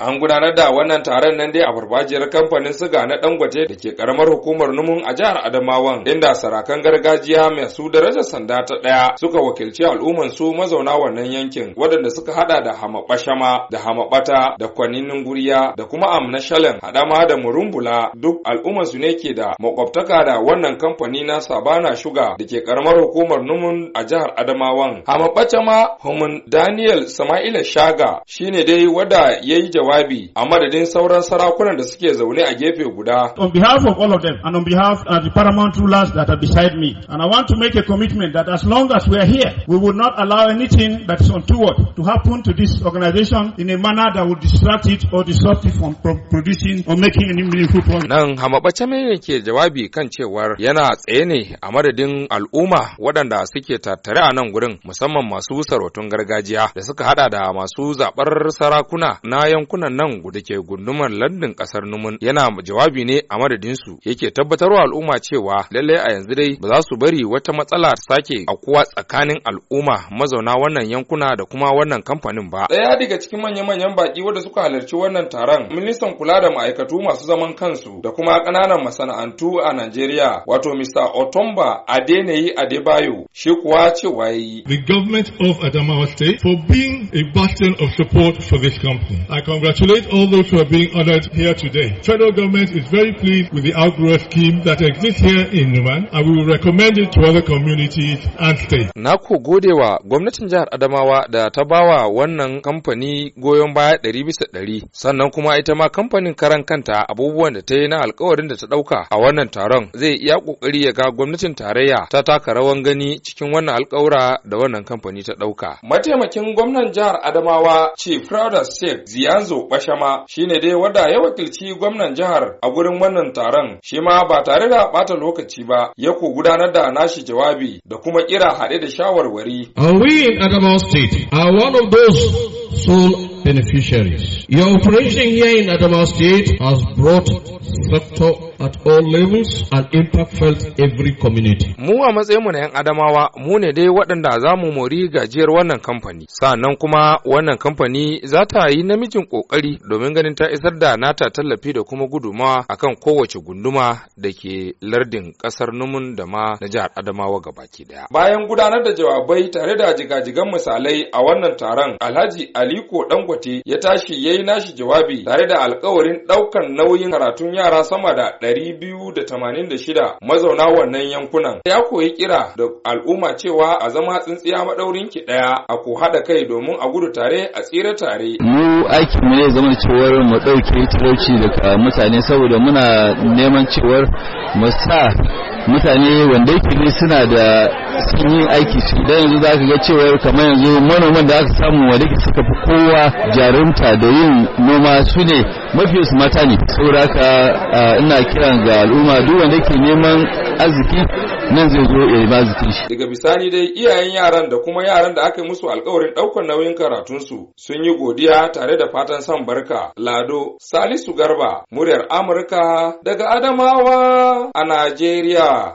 An gudanar da wannan taron nan dai a farfajiyar kamfanin siga na Dangote da ke karamar hukumar Numun a jihar Adamawan inda sarakan gargajiya mai su darajar sanda ta ɗaya suka wakilci al'umman su mazauna wannan yankin waɗanda suka hada da Hamabashama da Hamabata da Kwaninin Guriya da kuma Amna Shalen Hadama da Murumbula duk al'umman su ne ke da makwabtaka da wannan kamfani na Sabana Suga da ke karamar hukumar Numun a jihar Adamawan. Hamabashama Humun Daniel Sama'ila Shaga shine dai wanda yayi jawabi a madadin sauran sarakunan da suke zaune a gefe guda. On behalf of all of them and on behalf of uh, the paramount rulers that are beside me and I want to make a commitment that as long as we are here we will not allow anything that is untoward to happen to this organization in a manner that will distract it or disrupt it from producing or making any meaningful progress. Nan hamabace mai ke jawabi kan cewar yana tsaye ne a madadin al'umma waɗanda suke tattare a nan gurin musamman masu sarautun gargajiya da suka hada da masu zaɓar sarakuna na yankunan yankunan nan da ke gundumar lardin kasar numun. yana jawabi ne a madadinsu yake tabbatarwa al'umma cewa lallai a yanzu dai ba za su bari wata matsala sake a kuwa tsakanin al'umma mazauna wannan yankuna da kuma wannan kamfanin ba. Daya daga cikin manya-manyan baki wanda suka halarci wannan taron ministan kula da ma'aikatu masu zaman kansu da kuma ƙananan masana'antu a Najeriya wato Mr. Otomba Adeneyi Adebayo shi kuwa cewa yi. The government of Adamawa state for being a bastion of support for this company. I congratulate all those who are being honored here today. Federal government is very pleased with the outgrow scheme that exists here in Numan and we will recommend it to other communities and states. Na ku gode wa gwamnatin jihar Adamawa da ta ba wa wannan kamfani goyon baya ɗari bisa ɗari sannan kuma ita ma kamfanin karan kanta abubuwan da ta yi na alkawarin da ta ɗauka a wannan taron zai iya ƙoƙari ya ga gwamnatin tarayya ta taka rawan gani cikin wannan alkawura da wannan kamfani ta ɗauka. Mataimakin gwamnan jihar Adamawa Chief Crowder Sheikh Ziyanzo Bello Bashama shine dai wanda ya wakilci gwamnan jihar a gurin wannan taron shi ma ba tare da ɓata lokaci ba ya ku gudanar da nashi jawabi da kuma kira haɗe da shawarwari. We in Adamawa State are one of those sole beneficiaries. Your operation here in Adamawa State has brought sector at all levels and impact felt every community. Mu a matsayinmu na 'yan Adamawa mu ne dai waɗanda za mu mori gajiyar wannan kamfani. Sannan kuma wannan kamfani za ta yi namijin ƙoƙari domin ganin ta isar da nata tallafi da kuma gudumawa akan kowace gunduma da ke lardin ƙasar Numun da ma na jihar Adamawa gabaki daya Bayan gudanar da jawabai tare da jigajigan misalai a wannan taron Alhaji Aliko Dangote ya tashi ya yi nashi jawabi tare da alkawarin ɗaukan nauyin karatun yara sama da 286 mazauna wannan yankunan ya koyi kira da al'umma cewa a zama tsintsiya maɗaurin ki ɗaya a ko haɗa kai domin a gudu tare a tsira tare. mu aikin mu ne zama cewar mu ɗauke talauci daga mutane saboda muna neman cewar mu sa mutane wanda yake suna da sun aiki su idan yanzu za ka ga cewa kamar yanzu manoman da aka samu wanda ke suka fi kowa jarumta da yin noma su ne mafi su mata ne saboda haka ina kiran ga al'umma duk wanda ke neman arziki nan zai zo ya ba zikin shi daga bisani dai iyayen yaran da kuma yaran da aka yi musu alkawarin ɗaukar nauyin karatunsu sun yi godiya tare da fatan son barka lado salisu garba muryar amurka daga adamawa a najeriya